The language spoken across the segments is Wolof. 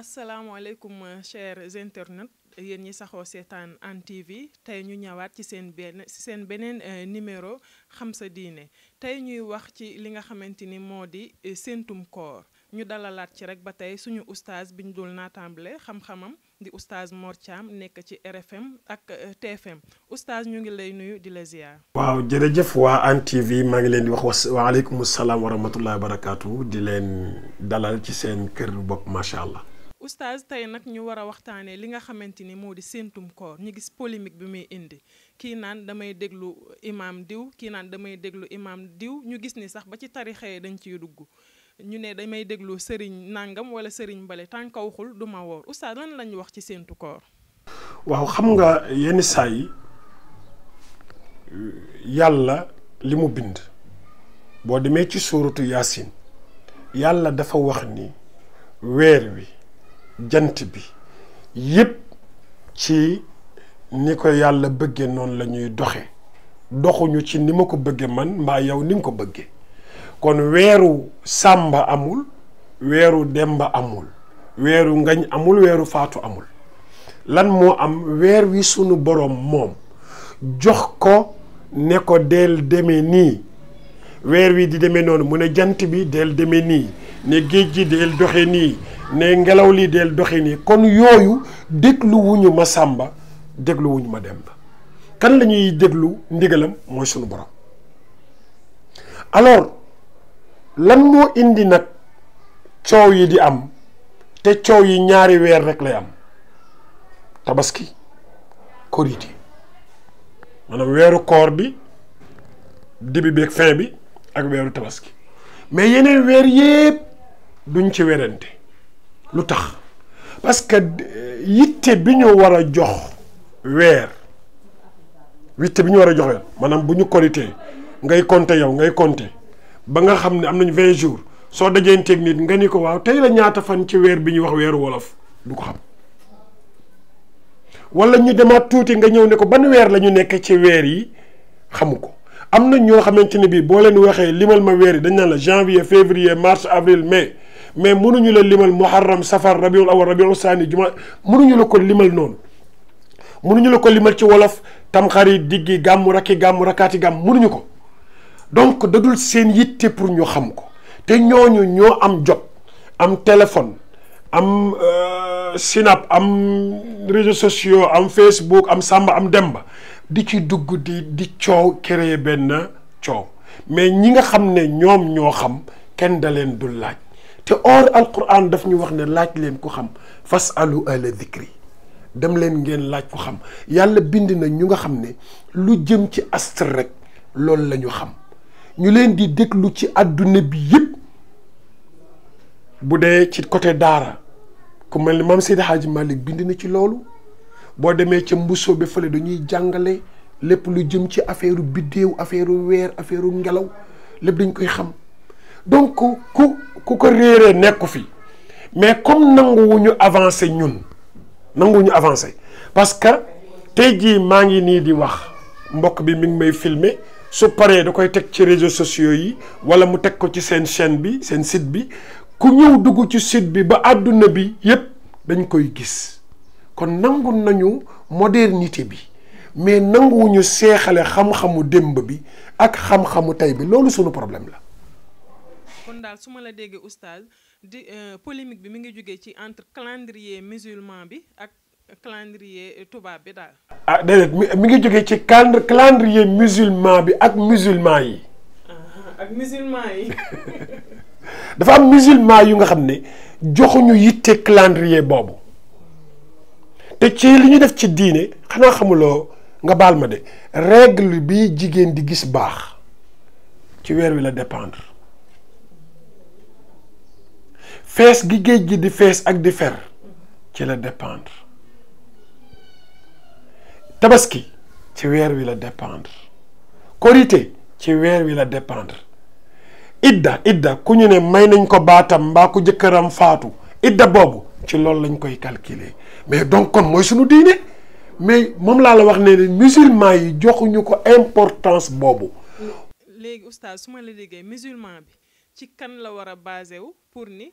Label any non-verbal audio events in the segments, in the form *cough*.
asalaamaaleykum euh, cher internautes yéen ñi saxoo seetaan Hann TV tey ñu ñawaat ci seen benn seen beneen euh, numéro xam sa diine tey ñuy wax ci li nga xamante ni moo di euh, séentum koor ñu dalalaat ci rek ba tey suñu oustaz bi ñu dul naatambale xam-xamam di oustaz Mor nekk ci RFM ak TFM oustaz ñu ngi lay nuyu di la ziar. waaw jërëjëf waa Hann TV maa ngi leen di wax waaleykum salaam wa rahmatullahi wa barakaatu di leen dalal ci seen kër bopp macha allah. oustaz tey nag ñu war a waxtaanee li nga xamante ni moo di séentum koor ñu gis polémique bi muy indi kii naan damay déglu imaam diw kii naan damay déglu imaam diw ñu gis ni sax ba ci tarixee dañ ciy dugg ñu ne damay déglu sëriñ nangam wala sëriñ mbale tànka waxul du ma woor oustaz lan lañu wax ci séentu koor waaw xam nga yenn saa yàlla li mu bind boo demee ci suuratu yaasin yàlla dafa wax ni weer wi jant bi yépp ci ni ko yàlla bëgge noonu la ñuy doxe doxuñu ci ni ma ko bëgge man mbaa yow ni ko bëgge kon weeru sàmba amul weeru demba amul weeru ngañ amul weeru faatu amul lan moo am weer wi sunu borom moom jox ko ne ko del demee nii weer wi di deme noonu mu ne jant bi del demee nii ne géej gi del doxe nii ne ngelaw lii deel doxin yi kon yooyu dégluwuñu ma sàmba dégluwuñu ma demb kan la ñuy déglu ndigalam mooy sunu borom alors lan moo indi nag coow yi di am te coow yi ñaari weer rekk lay am tabaski korite maanaam weeru koor bi début bi fin bi ak weeru tabaski mais yeneen weer yépp duñ ci werante lu tax parce que euh, yitte bi ñu war a jox weer yitte bi ñu war a jox weer maanaam bu ñu korité ngay compter yow ngay compter ba nga xam ne am nañ vingt jours soo dajee nit nga ni ko waaw tey la ñaata fan ci weer bi ñuy wax weeru wolof du ko xam wala ñu demaat tuuti nga ñëw ne ko ban weer la ñu nekk ci weer yi xamu ko am na ñoo xamante ni bii boo leen waxee limal ma weer yi dañ naan la janvier février mars avril mais mais mënuñu la limal muharram safar rabiul awal rabiul saani juma mënuñu la ko limal noonu mënuñu la ko limal ci wolof tamxarit diggi gàmmu rakki gàmmu rakkaati gàmm mënuñu ko donc dadul seen yitte pour ñu xam ko te ñooñu ñoo am jot am téléphone am euh, Sinap am réseaux sociaux am Facebook am sàmba am Demba di ci dugg di di coow créer benn coow mais ñi nga xam ne ñoom ñoo xam kenn da leen dul laaj te or alquran daf ñu wax ne laaj leen ko xam fas alu ala dikri dem leen ngeen laaj ko xam yàlla bind na ñu nga xam ne lu jëm ci astre rek loolu lañu xam ñu leen di déglu ci àdduna bi yëpp bu dee ci côté daara ku mel ni maam Seydi Hadji Malick bind na ci loolu boo demee ca mbusoo bi fële dañuy jàngale lépp lu jëm ci affaire biddeew affaire weer affaire ngelaw lépp dañ koy xam donc ku ku ko réeree nekku fi mais comme nanguwuñu avancé ñun nangu nanguwuñu avancer parce que tey jii maa ngi nii di wax mbokk bi mi ngi may filmer su paree da koy teg ci réseau sociaux yi wala mu teg ko ci seen chaîne bi seen site bi ku ñëw dugg ci site bi ba àdduna bi yépp dañ koy gis kon nangu nañu modernité bi mais nanguwuñu seexale xam-xamu démb bi ak xam-xamu tey bi loolu sunu problème la kon daal su ma la déggee oustaz di euh, polémique bi mi ngi jógee ci entre calendrier musulman bi ak calendrier euh, tubaab bi daal. ah déedéet mi ngi jógee ci calendrier musulman bi ak musulman yi. Uh-huh, ak musulman yi. *laughs* dafa am musulman yu nga xam ne joxuñu yitte calendrier boobu te ci li ñu def ci diine xanaa xamuloo nga baal ma de règle bi jigéen di gis baax ci weer wi la dépendre. fees gi géej gi di fees ak di fer ci la dépendre tabaski ci weer wi la dépendre korité ci weer wi la dépendre idda idda ku ñu ne may nañ ko baatam mbaa ku jëkkëram faatu idda boobu ci loolu lañ koy calculer mais donc kon mooy suñu diine mais moom laa la wax ne ne musulman yi joxuñu ko importance boobu léegi oustaz su ma la déggee musulman bi ci kan la war a basé wu pour ni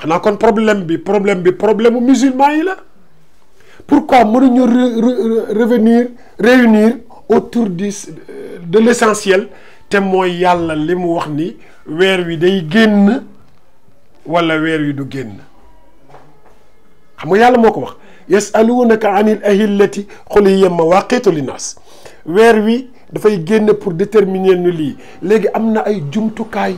xanaa kon problème bi problème bi problème musulman yi la pourquoi mënuñu revenir réunir autour du de l'essentiel? essentiel te mooy yàlla li mu wax ni weer wi day génn wala weer wi du génn xam nga yàlla moo ko wax yasalunaka anil ahillati xul hiya mawaqitu linnaas weer wi dafay génn pour déterminer nu lii léegi am na ay jumtukaay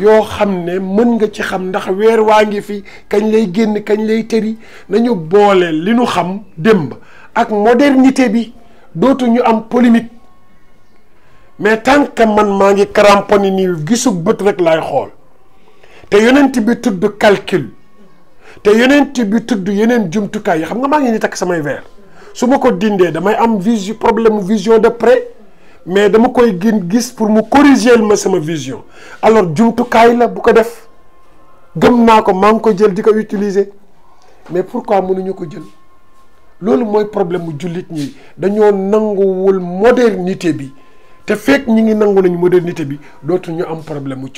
yoo xam ne mën nga ci xam ndax weer waa ngi fi kañ lay génn kañ lay tëri nañu boole li nu xam démb ak modernité bi dootu ñu am polimique mais tant man maa ngi cramponné nii gisug bët rek laay xool te yonent bi tudd calcul te yonent bi tudd yeneen jumtukaay yi xam nga maa ngi ni takk samay verre su ma ko dindee damay am vision problème vision de près mais dama koy suis pour mu corriger ma vision alors kay la bu ko def gëm ko ko jël utiliser mais pourquoi ko jël moy problème mu ñi dañoo modernité bi te ñi ngi modernité bi ñu am problème mu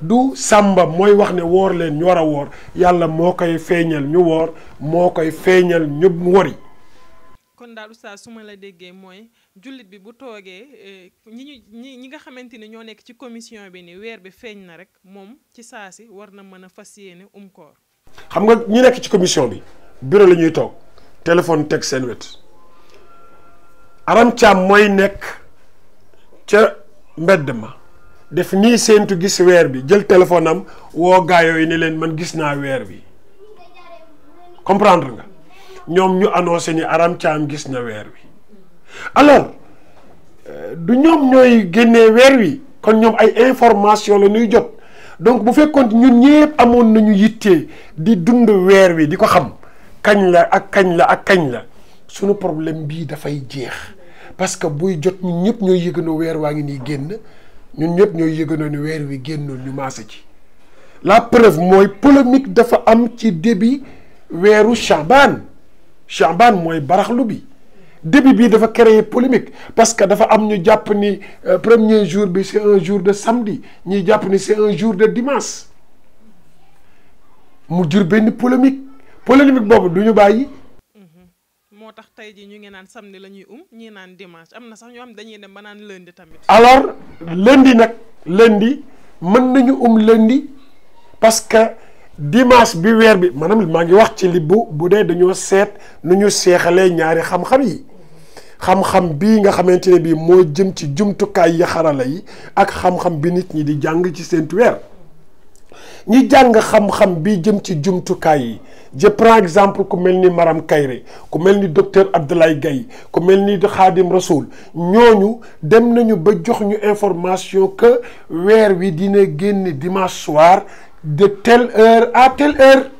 du samba, moy wax ne wor leen ñu wara wor yalla mo koy ñu wor mo koy la jullit bi bu toogee eh, ñi ñu ñi ñi nga xamante ni ñoo nekk ci commission bi ni weer bi feeñ na rek moom ci saa si war na mën a fas yéene um koor xam nga ñu nekk ci commission bi bureau la ñuy toog téléphone teg seen wet aram caam mooy nekk ca mbedd ma def nii séentu gis weer bi jël téléphone am woo gaa yooyu ni leen man gis naa weer bi comprendre nga ñoom ñu annoncé ni aram caam gis na weer bi alors du ñoom ñooy génnee weer wi kon ñoom ay information lañuy jot donc bu fekkoon ñun ñëpp amoon nañu yitte di dund weer wi di ko xam kañ la ak kañ la ak kañ la sunu problème bii dafay jeex parce que buy jot ñun ñëpp ñooy yëgandoo weer waa ngi nii génn ñun ñëpp ñooy yëgandoo ni weer wi génnul ñu maase ci la preuve mooy polémique dafa am ci début weeru Chaban Chaban mooy baraxlu bi début bi dafa créer polémique parce que dafa am ñu japp ni euh, premier jour c'est un jour de samedi ñi japp ni c'est un jour de dimanche mu jur une polémique polémique bobu duñu bayyi motax mm-hmm. tay ji ñu ngi samedi um dimanche sax dañuy lundi tamit. alors lundi nak lundi mën nañu um lundi parce que dimanche bi avons bi manam ma ngi wax ci li bu dé dañu sét xam-xam bii nga xamante ne bii moo jëm ci jumtukaay yi xarala yi ak xam-xam bi nit ñi di jàng ci seen weer ñi jàng xam-xam bi jëm ci jumtukaay yi je prends exemple ku mel ni Maram Kayre ku mel ni docteur Abdoulaye Gaye ku mel ni Xaadim Rasoul ñooñu dem nañu ba jox ñu information que weer wi dina génn dimanche soir de telle heure à telle heure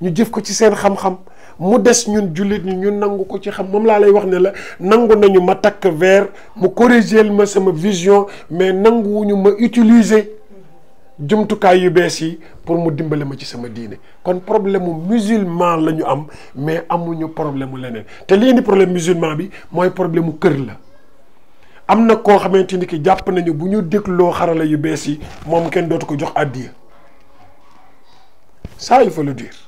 ñu jëf ko ci seen xam-xam mu dess ñun jullit ñi ñun nangu ko ci xam mom la lay wax ne la nangu ma tak mu ma sama vision mais wuñu ma utiliser yu pour mu ma ci sama kon problème musulman lañu am mais amuñu problème té li problème musulman bi moy problème kër la amna ko ki japp nañu yu ko ça il faut le dire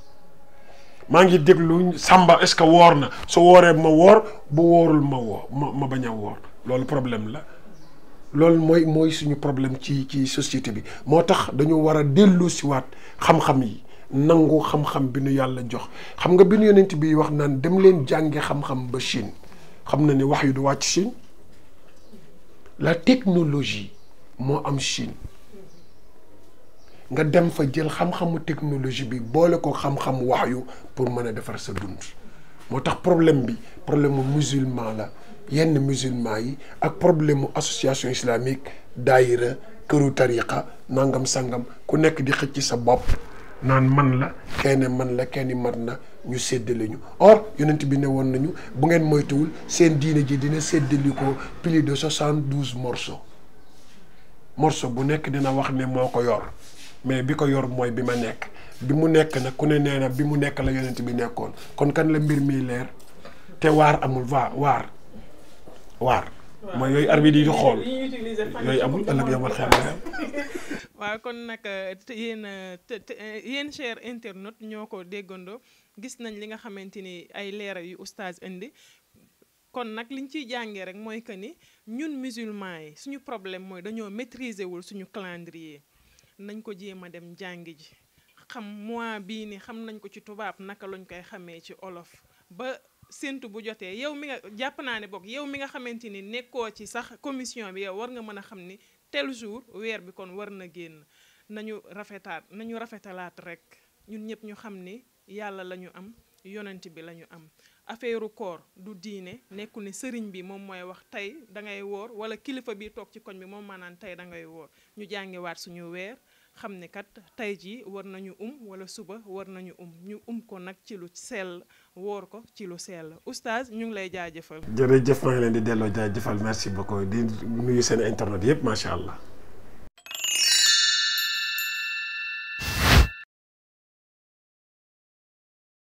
maa ngi déglu Samba est-ce que woor na su wooree ma woor bu woorul ma woor ma ma woor loolu problème la loolu mooy mooy suñu problème ci ci société bi moo tax dañu war a dellu siwaat xam-xam yi nangu xam-xam bi nu yàlla jox xam nga bi nu yonent bi wax naan dem leen jàngee xam-xam ba Chine xam na ni wax yu du wàcc Chine la technologie moo am Chine nga dem fa jël xam-xamu technologie bi boole ko xam-xamu wax yu pour mën a defar sa dund moo tax problème bi problème mu musulman la yenn musulman yi ak problème mu association islamique dayra këru tariqa nangam sangam ku nekk di xëcc sa bopp naan man la kenn man la kenn mat na ñu séddale ñu or yonent bi ne woon nañu bu ngeen moytuwul seen diine ji dina séddali ko plus de soixante douze morso morso bu nekk dina wax ne moo ko yor mais bi ko yor mooy bi ma nekk bi mu nekk nag ku ne nee na bi mu nekk la yonent bi nekkoon kon kan la mbir mi leer te waar amul waa waar waar mooy yooyu arbitre di xool yooyu amul ëllëg yomal *laughs* kon nag euh, yéen euh, euh, yéen cher internaute ñoo ko déggandoo gis nañ li nga xamante ni ay leeral yu oustaz indi kon nag liñ ciy jàngee rek mooy que ni ñun musulman yi suñu problème mooy dañoo maîtriser wul suñu calendrier nañ ko jéema dem jàngi ji xam mois bii ni xam nañ ko ci tubaab naka lañ koy xamee ci olof ba séntu bu jotee yow mi nga jàpp naa ne boog yow mi nga xamante ni nekkoo ci sax commission bi yow war nga mën a xam ni tel jour weer bi kon war na génn nañu rafetaat nañu rafetalaat rek ñun ñëpp ñu xam ni yàlla la ñu am yonent bi la ñu am affaire koor du diine nekku ne sëriñ bi moom mooy wax tey da ngay woor wala kilifa bii toog ci koñ bi moom maanaan tey da ngay woor ñu jàngiwaat suñu weer xam ne kat tey jii war nañu um wala suba war nañu um ñu um ko nag ci lu sel woor ko ci lu sell oustaz ñu ngi lay jaajëfal. jërëjëf maa ngi leen di delloo jaajëfal merci ko di nuyu seen internet yëpp macha allah.